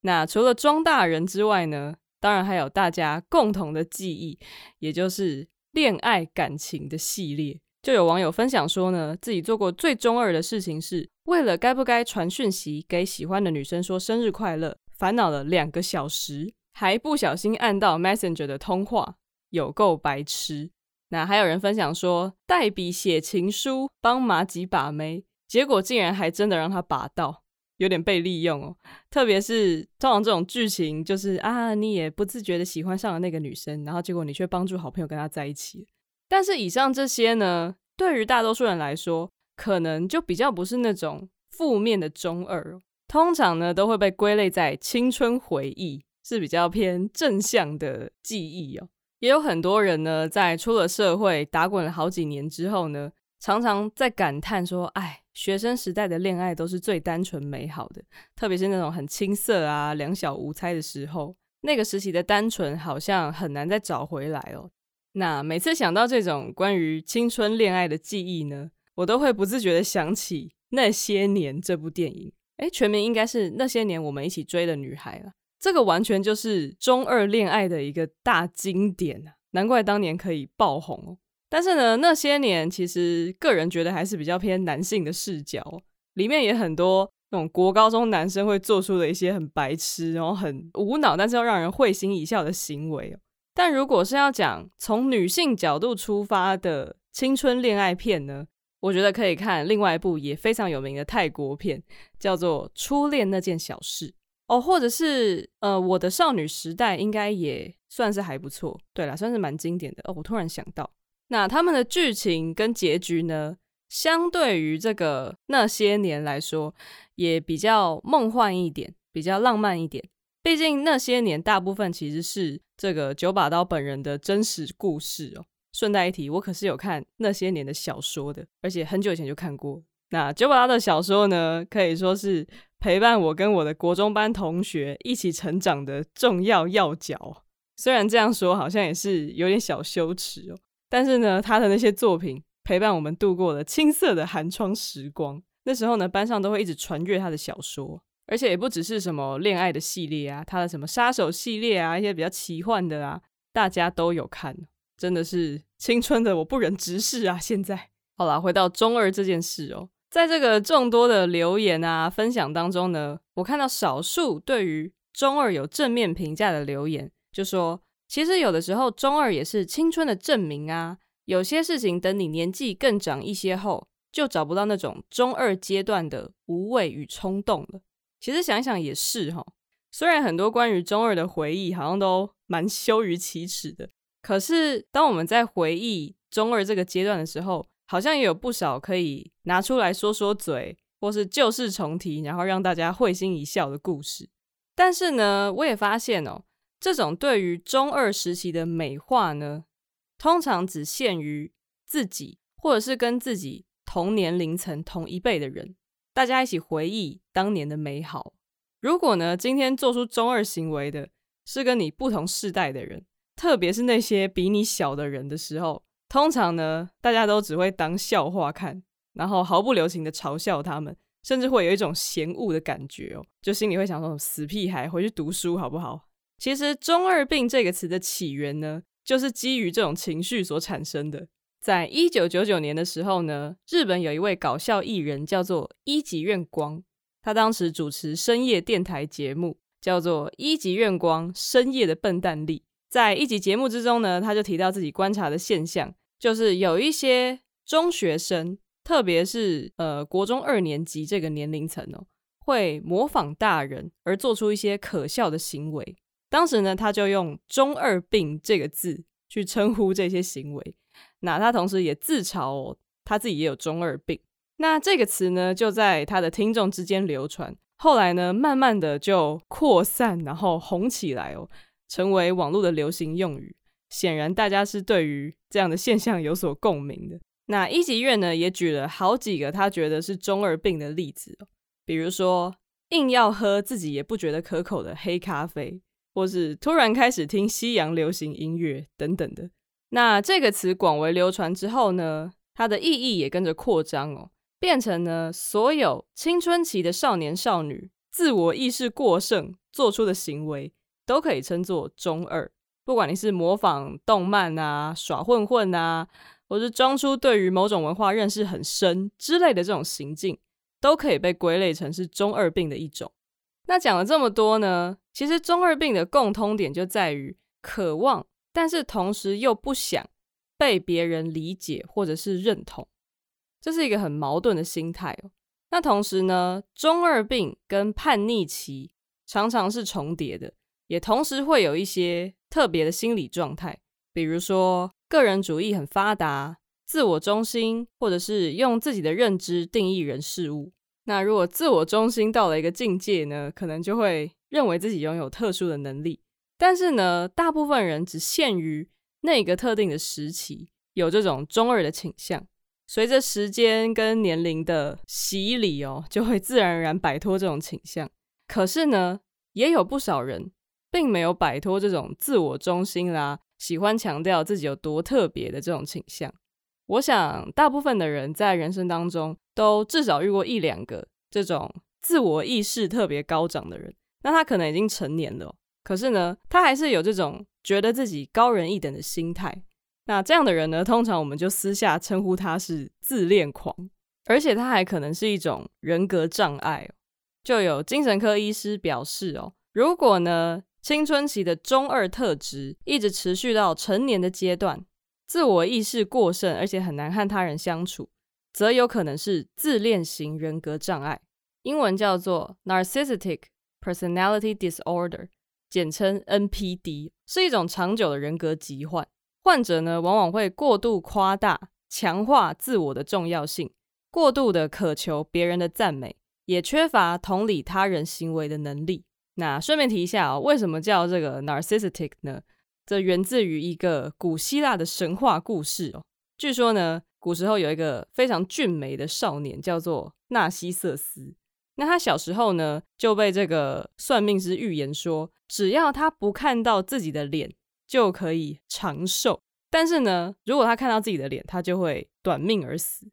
那除了裝大人之外呢，當然還有大家共同的記憶，也就是戀愛感情的系列。就有網友分享說呢，自己做過最中二的事情是為了該不該傳訊息給喜歡的女生說生日快樂，煩惱了兩個小時，還不小心按到 Messenger 的通話，有夠白痴。那還有人分享說，代筆寫情書，幫麻吉把妹，結果竟然還真的讓他拔到，有點被利用哦。特別是通常這種劇情，就是啊，你也不自覺的喜歡上了那個女生，然後結果你卻幫助好朋友跟她在一起。但是以上這些呢，對於大多數人來說，可能就比較不是那種負面的中二哦，通常呢都會被歸類在青春回憶，是比較偏正向的記憶哦。也有很多人呢，在出了社會打滾了好幾年之後呢，常常在感嘆說：“哎，學生時代的戀愛都是最單純美好的，特別是那種很青澀啊、兩小無猜的時候，那個時期的單純好像很難再找回來哦。”那每次想到這種關於青春戀愛的記憶呢，我都會不自覺地想起《那些年》這部電影。哎，全名應該是《那些年，我們一起追的女孩》了。這個完全就是中二戀愛的一個大經典啊，難怪當年可以爆紅哦。但是呢，那些年其實個人覺得還是比較偏男性的視角哦，裡面也很多那種國高中男生會做出的一些很白痴，然後很無腦，但是又讓人會心一笑的行為哦。但如果是要講從女性角度出發的青春戀愛片呢，我覺得可以看另外一部也非常有名的泰國片，叫做《初戀那件小事》。哦，或者是呃，我的少女時代應該也算是還不錯，對啦，算是蠻經典的哦。我突然想到，那他們的劇情跟結局呢，相對於這個那些年來說，也比較夢幻一點，比較浪漫一點。畢竟那些年大部分其實是這個九把刀本人的真實故事哦。順帶一提，我可是有看那些年的小說的，而且很久以前就看過。那九把刀的小說呢，可以說是陪伴我跟我的國中班同學一起成長的重要要角。雖然這樣說好像也是有點小羞恥哦、喔，但是呢，他的那些作品陪伴我們度過了青澀的寒窗時光。那時候呢，班上都會一直傳閱他的小說，而且也不只是什麼戀愛的系列啊，他的什麼殺手系列啊，一些比較奇幻的啊，大家都有看。真的是青春的，我不忍直視啊！現在好啦，回到中二這件事哦、喔。在這個眾多的留言啊、分享當中呢，我看到少數對於中二有正面評價的留言，就說，其實有的時候中二也是青春的證明啊。有些事情等你年紀更長一些後，就找不到那種中二階段的無畏與衝動了。其實想一想也是哈、哦，雖然很多關於中二的回憶好像都蠻羞於啟齒的，可是當我們在回憶中二這個階段的時候，好像也有不少可以拿出來說說嘴，或是舊事重提，然後讓大家會心一笑的故事。但是呢，我也發現哦，這種對於中二時期的美化呢，通常只限於自己，或者是跟自己同年齡層、同一輩的人，大家一起回憶當年的美好。如果呢，今天做出中二行為的是跟你不同世代的人，特別是那些比你小的人的時候。通常呢，大家都只會當笑話看，然後毫不留情的嘲笑他們，甚至會有一種嫌惡的感覺哦，就心裡會想說：死屁孩，回去讀書好不好？其實“中二病”這個詞的起源呢，就是基於這種情緒所產生的。在一九九九年的時候呢，日本有一位搞笑藝人叫做伊集院光，他當時主持深夜電台節目，叫做《伊集院光深夜的笨蛋力》。在一集節目之中呢，他就提到自己觀察的現象，就是有一些中學生，特別是呃國中二年級這個年齡層哦，會模仿大人而做出一些可笑的行為。當時呢，他就用“中二病”這個字去稱呼這些行為。那他同時也自嘲哦，他自己也有中二病。那這個詞呢，就在他的聽眾之間流傳，後來呢，慢慢的就擴散，然後紅起來哦。成為網絡的流行用語，顯然大家是對於這樣的現象有所共鳴的。那伊集院呢，也舉了好幾個他覺得是中二病的例子哦，比如說硬要喝自己也不覺得可口的黑咖啡，或是突然開始聽西洋流行音樂等等的。那這個詞廣為流傳之後呢，它的意義也跟着擴張哦，變成呢所有青春期的少年少女自我意識過剩做出的行為都可以稱作中二，不管你是模仿動漫啊、耍混混啊，或是裝出對於某種文化認識很深之類的這種行徑，都可以被歸類成是中二病的一種。那講了這麼多呢，其實中二病的共通點就在於渴望，但是同時又不想被別人理解或者是認同，這是一個很矛盾的心態哦。那同時呢，中二病跟叛逆期常常是重疊的。也同時會有一些特別的心理狀態，比如說個人主義很發達、自我中心，或者是用自己的認知定義人事物。那如果自我中心到了一個境界呢，可能就會認為自己擁有特殊的能力。但是呢，大部分人只限於那一個特定的時期，有這種中二的傾向，隨着時間跟年齡的洗禮哦，就會自然而然擺脫這種傾向。可是呢，也有不少人。並沒有擺脫這種自我中心啦，喜歡強調自己有多特別的這種傾向。我想大部分的人在人生當中都至少遇過一兩個這種自我意識特別高漲的人。那他可能已經成年了哦，可是呢，他還是有這種覺得自己高人一等的心態。那這樣的人呢，通常我們就私下稱呼他是自戀狂，而且他還可能是一種人格障礙哦。就有精神科醫師表示哦，如果呢，青春期的中二特質一直持續到成年的階段，自我意識過剩，而且很難和他人相處，則有可能是自戀型人格障礙，英文叫做 Narcissistic Personality Disorder，簡稱 NPD，是一種長久的人格疾患。患者呢，往往會過度誇大、強化自我的重要性，過度的渴求別人的讚美，也缺乏同理他人行為的能力。那順便提一下哦，為什麼叫這個 narcissistic 呢？這源自於一個古希臘的神話故事哦。據說呢，古時候有一個非常俊美的少年，叫做納西瑟斯。那他小時候呢，就被這個算命師預言說，只要他不看到自己的臉，就可以長壽；但是呢，如果他看到自己的臉，他就會短命而死。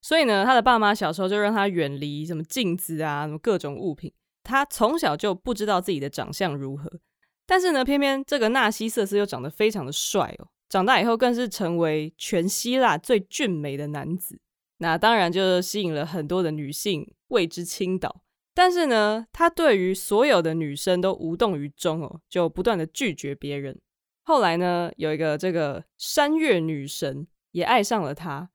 所以呢，他的爸媽小時候就讓他遠離什麼鏡子啊，什麼各種物品。他從小就不知道自己的長相如何，但是呢，偏偏這個納西瑟斯又長得非常的帥哦，長大以後更是成為全希臘最俊美的男子，那當然就吸引了很多的女性為之傾倒。但是呢，他對於所有的女生都無動於衷哦，就不斷的拒絕別人。後來呢，有一個這個山嶽女神也愛上了他，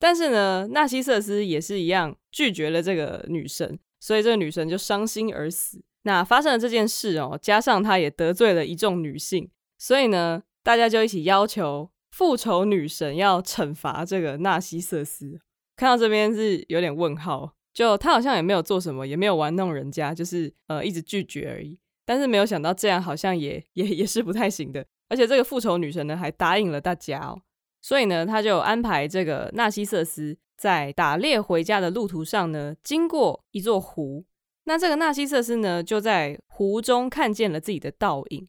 但是呢，納西瑟斯也是一樣拒絕了這個女神。所以這個女神就傷心而死。那發生了這件事哦，加上她也得罪了一眾女性，所以呢，大家就一起要求復仇女神要懲罰這個納西瑟斯。看到這邊是有點問號，就她好像也沒有做什麼，也沒有玩弄人家，就是呃一直拒絕而已。但是沒有想到這樣好像也也也是不太行的，而且這個復仇女神呢還答應了大家哦。所以呢，他就安排這個納西瑟斯在打獵回家的路途上呢，經過一座湖。那這個納西瑟斯呢，就在湖中看見了自己的倒影，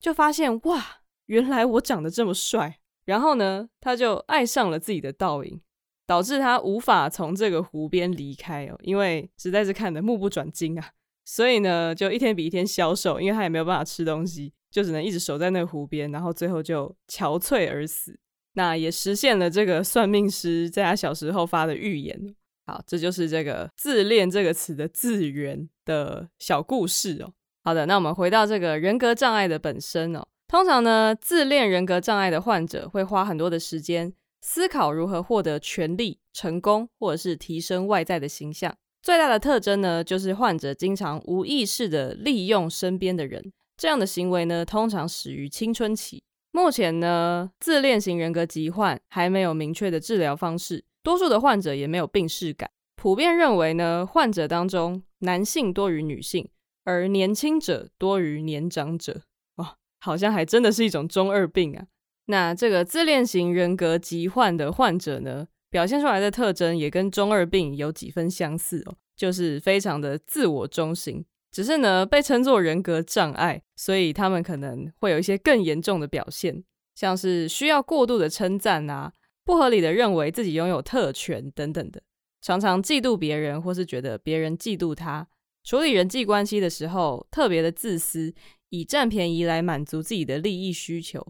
就發現哇，原來我長得這麼帥。然後呢，他就愛上了自己的倒影，導致他無法從這個湖邊離開哦，因為實在是看得目不轉睛啊。所以呢，就一天比一天消瘦，因為他也沒有辦法吃東西，就只能一直守在那個湖邊，然後最後就憔悴而死。那也實現了這個算命師在他小時候發的預言。好，這就是這個“自戀”這個詞的字源的小故事哦。好的，那我們回到這個人格障礙的本身哦。通常呢，自戀人格障礙的患者會花很多的時間思考如何獲得權力、成功，或者是提升外在的形象。最大的特徵呢，就是患者經常無意識地利用身邊的人。這樣的行為呢，通常始於青春期。目前呢，自戀型人格疾患還沒有明確的治療方式，多數的患者也沒有病恥感。普遍認為呢，患者當中男性多於女性，而年輕者多於年長者。哦，好像還真的是一種中二病啊！那這個自戀型人格疾患的患者呢，表現出來的特徵也跟中二病有幾分相似哦，就是非常的自我中心。只是呢，被稱作人格障礙，所以他們可能會有一些更嚴重的表現，像是需要過度的稱讚啊，不合理的認為自己擁有特權等等的，常常嫉妒別人或是覺得別人嫉妒他。處理人際關係的時候特別的自私，以占便宜來滿足自己的利益需求。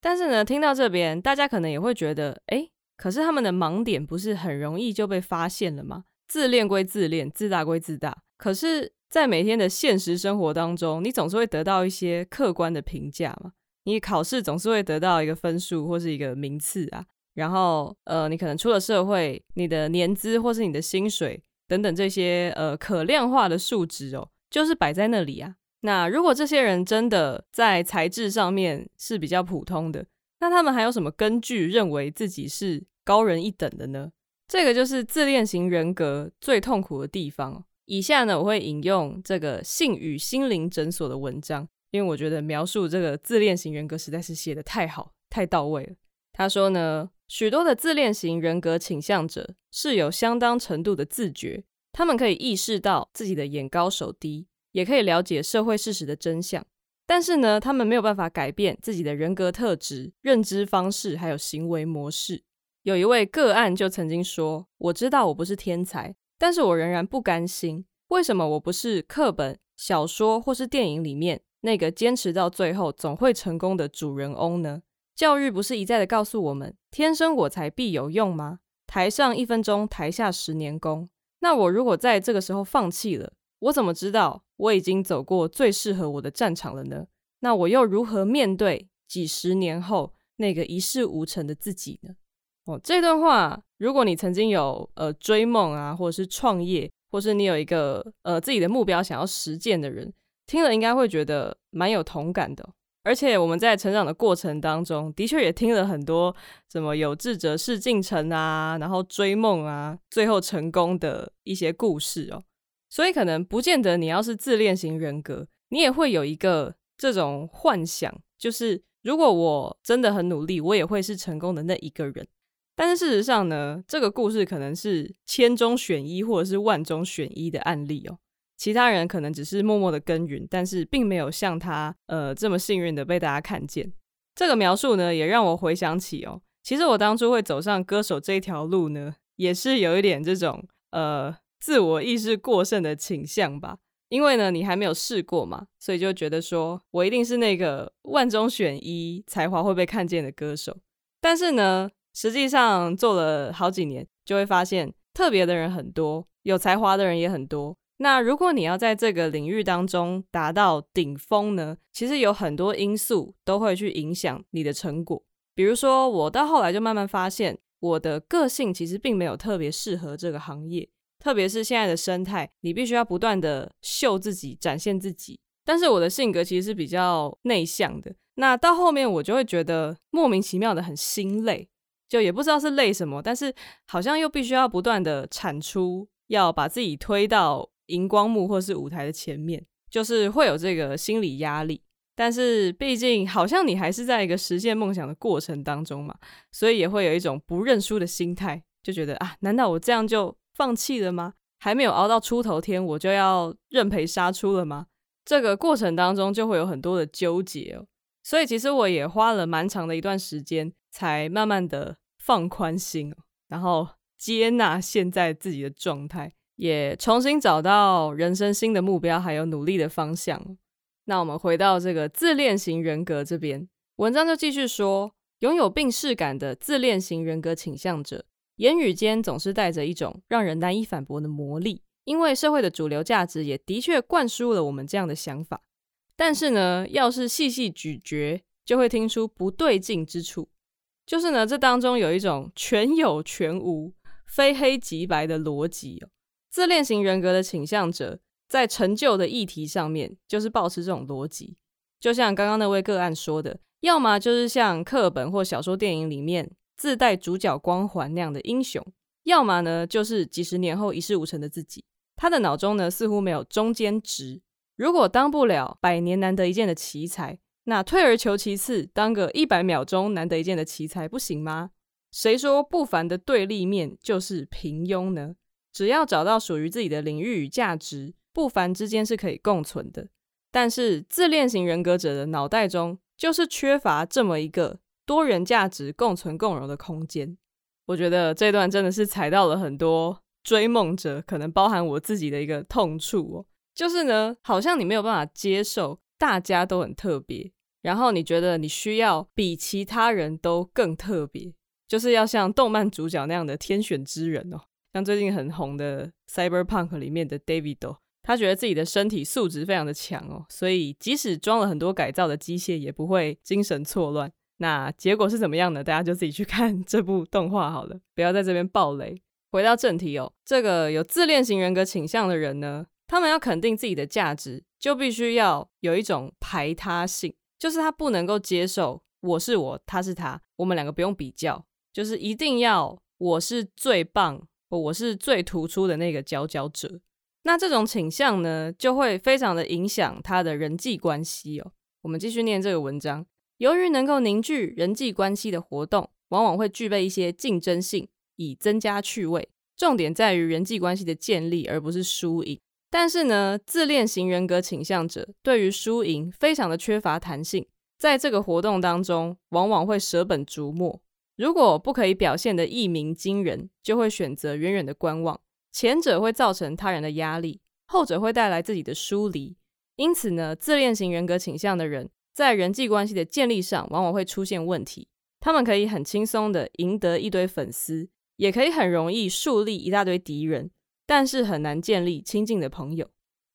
但是呢，聽到這邊大家可能也會覺得，欸，可是他們的盲點不是很容易就被發現了嗎？自戀歸自戀，自大歸自大，可是。在每天的現實生活當中，你總是會得到一些客觀的評價嘛，你考試總是會得到一個分數或是一個名次啊。然後，呃，你可能出了社會，你的年資或是你的薪水等等這些呃可量化的數值哦，就是擺在那裡啊。那如果這些人真的在才智上面是比較普通的，那他們還有什麼根據認為自己是高人一等的呢？這個就是自戀型人格最痛苦的地方哦。以下呢，我會引用這個性與心靈診所的文章，因為我覺得描述這個自戀型人格實在是寫得太好、太到位了。他說呢，許多的自戀型人格傾向者是有相當程度的自覺，他們可以意識到自己的眼高手低，也可以了解社會事實的真相，但是呢，他們沒有辦法改變自己的人格特質、認知方式還有行為模式。有一位個案就曾經說：“我知道我不是天才。”但是我仍然不甘心，為什麼我不是課本、小說或是電影裡面那個堅持到最後總會成功的主人翁呢？教育不是一再的告訴我們“天生我材必有用”嗎？台上一分鐘，台下十年功。那我如果在這個時候放棄了，我怎麼知道我已經走過最適合我的戰場了呢？那我又如何面對幾十年後那個一事無成的自己呢？哦，這段話，如果你曾經有呃追夢啊，或者是創業，或是你有一個呃自己的目標想要實踐的人，聽了應該會覺得蠻有同感的哦。而且我們在成長的過程當中，的確也聽了很多什麼有志者事竟成啊，然後追夢啊，最後成功的一些故事哦。所以可能不見得你要是自戀型人格，你也會有一個這種幻想，就是如果我真的很努力，我也會是成功的那一個人。但是事實上呢，這個故事可能是千中選一或者是萬中選一的案例哦。其他人可能只是默默的耕耘，但是並沒有像他呃這麼幸運的被大家看見。這個描述呢，也讓我回想起哦，其實我當初會走上歌手這一條路呢，也是有一點這種呃自我意識過剩的傾向吧。因為呢，你還沒有試過嘛，所以就覺得說，我一定是那個萬中選一才華會被看見的歌手。但是呢，實際上做了好幾年，就會發現特別的人很多，有才華的人也很多。那如果你要在這個領域當中達到頂峰呢，其實有很多因素都會去影響你的成果。比如說，我到後來就慢慢發現，我的個性其實並沒有特別適合這個行業，特別是現在的生態，你必須要不斷地秀自己、展現自己。但是我的性格其實是比較內向的，那到後面我就會覺得莫名其妙的很心累。就也不知道是累什麼，但是好像又必須要不斷的產出，要把自己推到熒光幕或是舞台的前面，就是會有這個心理壓力。但是畢竟好像你還是在一個實現夢想的過程當中嘛，所以也會有一種不認輸的心態，就覺得啊，難道我這樣就放棄了嗎？還沒有熬到出頭天，我就要認賠殺出了嗎？這個過程當中就會有很多的糾結哦。所以其實我也花了蠻長的一段時間。才慢慢的放寬心，然後接納現在自己的狀態，也重新找到人生新的目標，還有努力的方向。那我們回到這個自戀型人格這邊，文章就繼續說，擁有病恥感的自戀型人格傾向者，言語間總是帶着一種讓人難以反駁的魔力，因為社會的主流價值也的確灌輸了我們這樣的想法。但是呢，要是細細咀嚼，就會聽出不對勁之處。就是呢，這當中有一種全有全無、非黑即白的邏輯哦。自戀型人格的傾向者在成就的議題上面，就是抱持這種邏輯。就像剛剛那位個案說的，要麼就是像課本或小說、電影裡面自帶主角光環那樣的英雄，要麼呢就是幾十年後一事無成的自己。他的腦中呢似乎沒有中間值，如果當不了百年難得一見的奇才。那退而求其次，當個一百秒鐘難得一見的奇才不行嗎？誰說不凡的對立面就是平庸呢？只要找到屬於自己的領域與價值，不凡之間是可以共存的。但是自戀型人格者的腦袋中就是缺乏這麼一個多元價值共存共榮的空間。我覺得這段真的是踩到了很多追夢者，可能包含我自己的一個痛處哦。就是呢，好像你沒有辦法接受大家都很特別。然後你覺得你需要比其他人都更特別，就是要像動漫主角那樣的天選之人哦，像最近很紅的《Cyberpunk》裡面的 David，oh，他覺得自己的身體素質非常的強哦，所以即使裝了很多改造的機械，也不會精神錯亂。那結果是怎麼樣呢？大家就自己去看這部動畫好了，不要在這邊暴雷。回到正題哦，這個有自戀型人格傾向的人呢，他們要肯定自己的價值，就必須要有一種排他性。就是他不能夠接受我是我，他是他，我們兩個不用比較，就是一定要我是最棒，我是最突出的那個佼佼者。那這種傾向呢，就會非常的影響他的人際關係哦。我們繼續念這個文章，由於能夠凝聚人際關係的活動，往往會具備一些競爭性，以增加趣味。重點在於人際關係的建立，而不是輸贏。但是呢，自戀型人格傾向者對於輸贏非常的缺乏彈性，在這個活動當中，往往會捨本逐末。如果不可以表現得一鳴驚人，就會選擇遠遠的觀望。前者會造成他人的壓力，後者會帶來自己的疏離。因此呢，自戀型人格傾向的人在人際關係的建立上，往往會出現問題。他們可以很輕鬆地贏得一堆粉絲，也可以很容易樹立一大堆敵人。但是很難建立親近的朋友，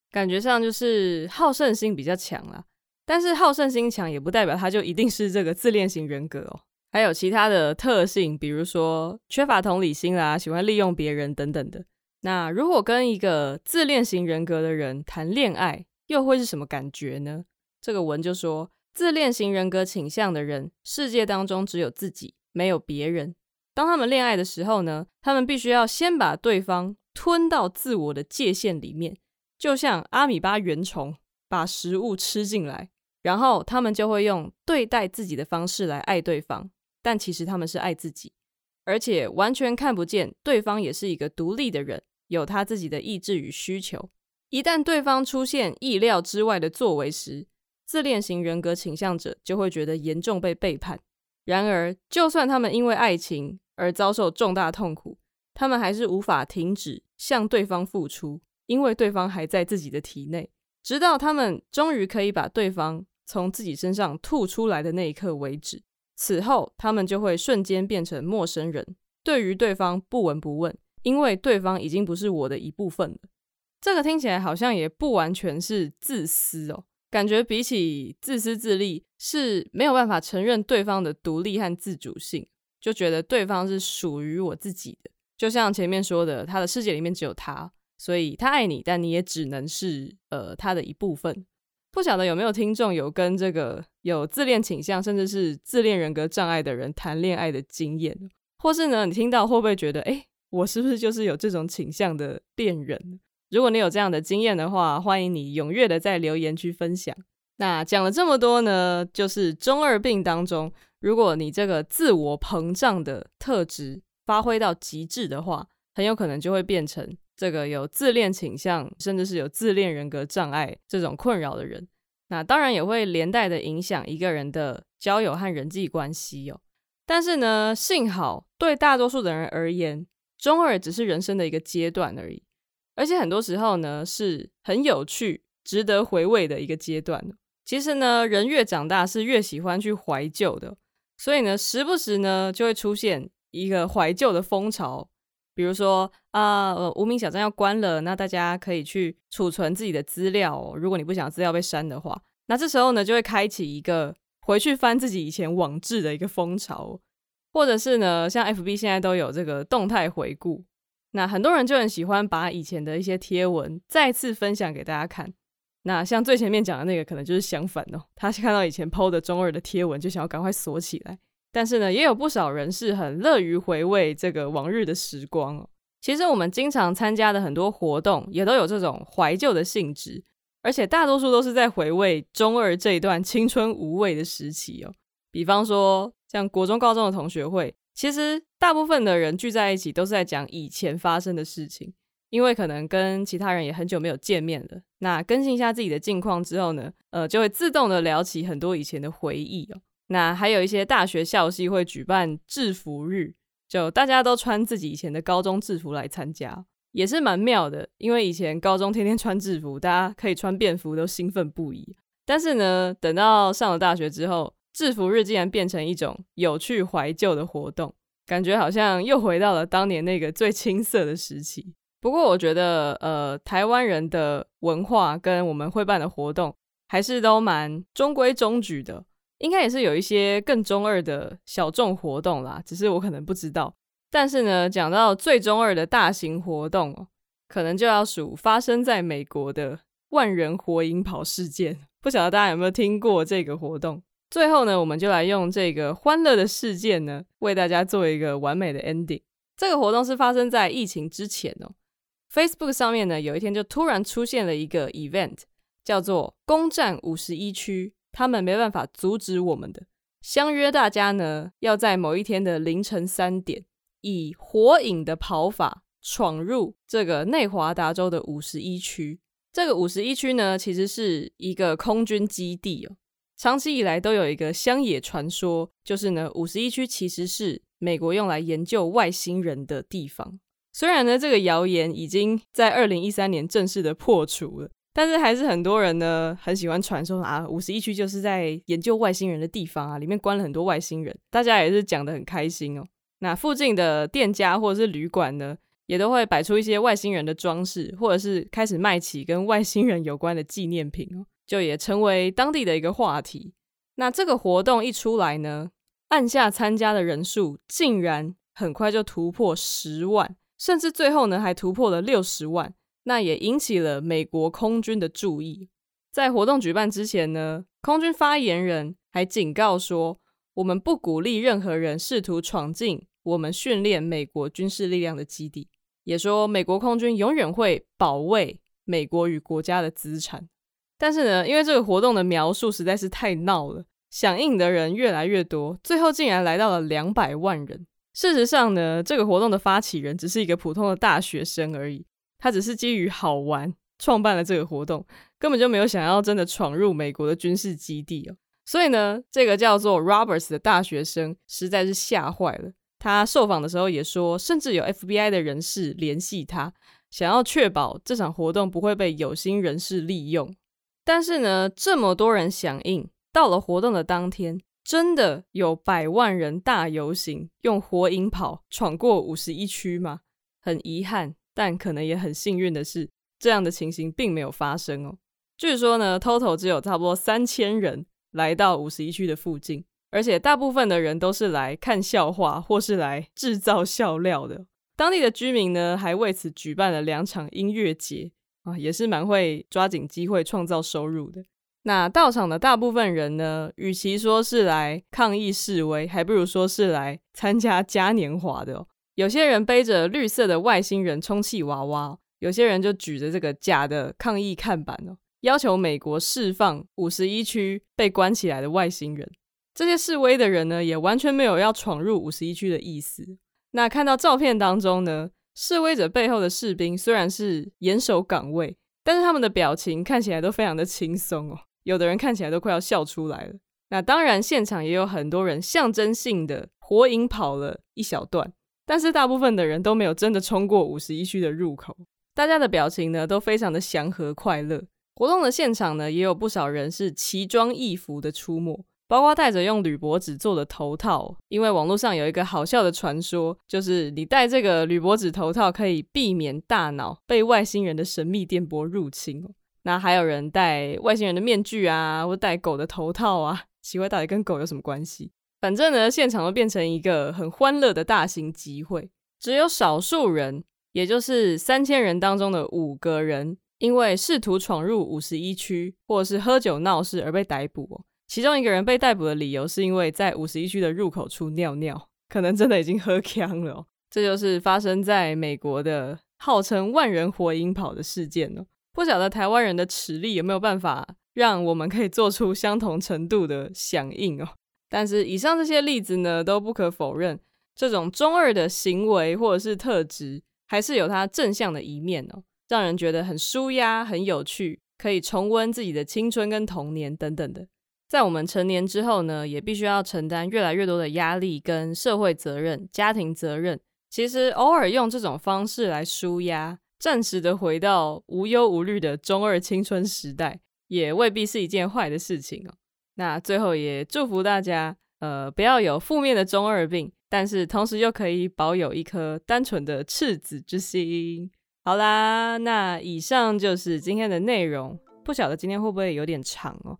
感覺上就是好勝心比較強啦。但是好勝心強也不代表他就一定是這個自戀型人格哦，還有其他的特性，比如說缺乏同理心啦，喜歡利用別人等等的。那如果跟一個自戀型人格的人談戀愛，又會是什麼感覺呢？這個文就說，自戀型人格傾向的人，世界當中只有自己，沒有別人。當他們戀愛的時候呢，他們必須要先把對方吞到自我的界限裡面，就像阿米巴原蟲把食物吃進來，然後他們就會用對待自己的方式來愛對方，但其實他們是愛自己，而且完全看不見對方也是一個獨立的人，有他自己的意志與需求。一旦對方出現意料之外的作為時，自戀型人格傾向者就會覺得嚴重被背叛。然而，就算他們因為愛情而遭受重大痛苦。他們還是無法停止向對方付出，因為對方還在自己的體內，直到他們終於可以把對方從自己身上吐出來的那一刻為止。此後，他們就會瞬間變成陌生人，對於對方不聞不問，因為對方已經不是我的一部分了。這個聽起來好像也不完全是自私哦，感覺比起自私自利，是沒有辦法承認對方的獨立和自主性，就覺得對方是屬於我自己的。就像前面說的，他的世界裡面只有他，所以他愛你，但你也只能是呃他的一部分。不曉得有沒有聽眾有跟這個有自戀傾向，甚至是自戀人格障礙的人談戀愛的經驗，或是呢你聽到會不會覺得，誒，我是不是就是有這種傾向的戀人？如果你有這樣的經驗的話，歡迎你踴躍的在留言區分享。那講了這麼多呢，就是中二病當中，如果你這個自我膨脹的特質，發揮到極致的話，很有可能就會變成這個有自戀傾向，甚至是有自戀人格障礙這種困擾的人。那當然也會連帶的影響一個人的交友和人際關係哦。但是呢，幸好對大多數的人而言，中二只是人生的一個階段而已，而且很多時候呢，是很有趣、值得回味的一個階段。其實呢，人越長大是越喜歡去懷舊的，所以呢，時不時呢就會出現。一個懷舊的風潮，比如說啊，無名小站要關了，那大家可以去儲存自己的資料哦，如果你不想要資料被刪的話，那這時候呢就會開啟一個回去翻自己以前網志的一個風潮，或者是呢，像 FB 現在都有這個動態回顧，那很多人就很喜歡把以前的一些貼文再次分享給大家看。那像最前面講的那個，可能就是相反哦，他看到以前 PO 的中二的貼文，就想要趕快鎖起來。但是呢，也有不少人是很樂於回味這個往日的時光哦。其實我們經常參加的很多活動，也都有這種懷舊的性質，而且大多數都是在回味中二這一段青春無畏的時期哦。比方說，像國中、高中的同學會，其實大部分的人聚在一起，都是在講以前發生的事情，因為可能跟其他人也很久沒有見面了。那更新一下自己的近況之後呢，呃，就會自動的聊起很多以前的回憶哦。那還有一些大學校系會舉辦制服日，就大家都穿自己以前的高中制服來參加，也是蠻妙的。因為以前高中天天穿制服，大家可以穿便服都興奮不已。但是呢，等到上了大學之後，制服日竟然變成一種有趣懷舊的活動，感覺好像又回到了當年那個最青澀的時期。不過我覺得，呃，台灣人的文化跟我們會辦的活動，還是都蠻中規中矩的。應該也是有一些更中二的小眾活動啦，只是我可能不知道。但是呢，講到最中二的大型活動，哦，可能就要數發生在美國的萬人火影跑事件。不曉得大家有沒有聽過這個活動？最後呢，我們就來用這個歡樂的事件呢，為大家做一個完美的 ending。這個活動是發生在疫情之前哦。Facebook 上面呢，有一天就突然出現了一個 event，叫做攻占五十一區。他們沒辦法阻止我們的。相約大家呢，要在某一天的凌晨三點，以火影的跑法闖入這個內華達州的五十一區。這個五十一區呢，其實是一個空軍基地哦。長期以來都有一個鄉野傳說，就是呢，五十一區其實是美國用來研究外星人的地方。雖然呢，這個謠言已經在二零一三年正式的破除了。但是還是很多人呢，很喜歡傳說啊，五十一區就是在研究外星人的地方啊，裡面關了很多外星人，大家也是講得很開心哦。那附近的店家或者是旅館呢，也都會擺出一些外星人的裝飾，或者是開始賣起跟外星人有關的紀念品哦，就也成為當地的一個話題。那這個活動一出來呢，按下參加的人數竟然很快就突破十萬，甚至最後呢，還突破了六十萬。那也引起了美國空軍的注意。在活動舉辦之前呢，空軍發言人還警告說：“我們不鼓勵任何人試圖闖進我們訓練美國軍事力量的基地。”也說美國空軍永遠會保衛美國與國家的資產。但是呢，因為這個活動的描述實在是太鬧了，響應的人越來越多，最後竟然來到了兩百萬人。事實上呢，這個活動的發起人只是一個普通的大學生而已。他只是基於好玩創辦了這個活動，根本就沒有想要真的闖入美國的軍事基地哦。所以呢，這個叫做 Roberts 的大學生實在是嚇壞了。他受訪的時候也說，甚至有 FBI 的人士聯繫他，想要確保這場活動不會被有心人士利用。但是呢，這麼多人響應，到了活動的當天，真的有百萬人大遊行，用火影跑闖過五十一區嗎？很遺憾。但可能也很幸運的是，這樣的情形並沒有發生哦。據說呢，total 只有差不多三千人來到五十一區的附近，而且大部分的人都是來看笑話或是來製造笑料的。當地的居民呢，還為此舉辦了兩場音樂節啊，也是蠻會抓緊機會創造收入的。那到場的大部分人呢，與其說是來抗議示威，還不如說是來參加嘉年華的哦。有些人背着綠色的外星人充氣娃娃，有些人就舉着這個假的抗議看板哦，要求美國釋放五十一區被關起來的外星人。這些示威的人呢，也完全沒有要闖入五十一區的意思。那看到照片當中呢，示威者背後的士兵雖然是嚴守崗位，但是他們的表情看起來都非常的輕鬆哦，有的人看起來都快要笑出來了。那當然，現場也有很多人象徵性的火影跑了一小段。但是大部分的人都沒有真的衝過五十一區的入口，大家的表情呢都非常的祥和快樂。活動的現場呢也有不少人是奇裝異服的出沒，包括戴着用鋁箔紙做的頭套哦，因為網絡上有一個好笑的傳說，就是你戴這個鋁箔紙頭套可以避免大腦被外星人的神秘電波入侵哦。那還有人戴外星人的面具啊，或戴狗的頭套啊，奇怪，到底跟狗有什麼關係？反正呢，現場都變成一個很歡樂的大型集會，只有少數人，也就是三千人當中的五個人，因為試圖闖入五十一區，或者是喝酒鬧事而被逮捕哦。其中一個人被逮捕的理由是因為在五十一區的入口處尿尿，可能真的已經喝鏘了哦。這就是發生在美國的號稱萬人火影跑的事件哦。不曉得台灣人的實力有沒有辦法讓我們可以做出相同程度的響應哦。但是以上這些例子呢，都不可否認，這種中二的行為或者是特質，還是有它正向的一面哦，讓人覺得很舒壓、很有趣，可以重溫自己的青春跟童年等等的。在我們成年之後呢，也必須要承擔越來越多的壓力跟社會責任、家庭責任。其實偶爾用這種方式來舒壓，暫時的回到無憂無慮的中二青春時代，也未必是一件壞的事情哦。那最後也祝福大家，呃，不要有負面的中二病，但是同時又可以保有一顆單純的赤子之心。好啦，那以上就是今天的內容，不曉得今天會不會有點長哦。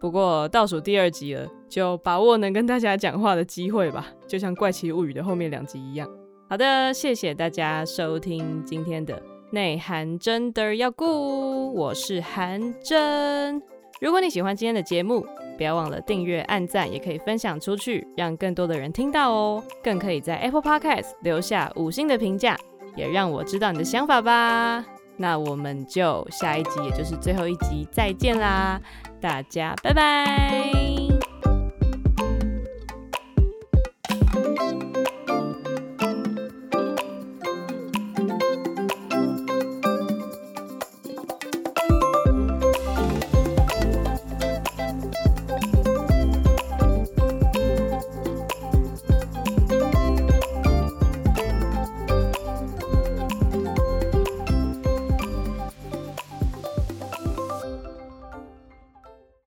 不過倒數第二集了，就把握能跟大家講話的機會吧，就像《怪奇物語》的後面兩集一樣。好的，謝謝大家收聽今天的內涵真的要顧，我是韓真。如果你喜歡今天的節目，不要忘了訂閱、按讚，也可以分享出去，讓更多的人聽到哦。更可以在 Apple Podcast 留下五星的評價，也讓我知道你的想法吧。那我們就下一集，也就是最後一集，再見啦，大家拜拜。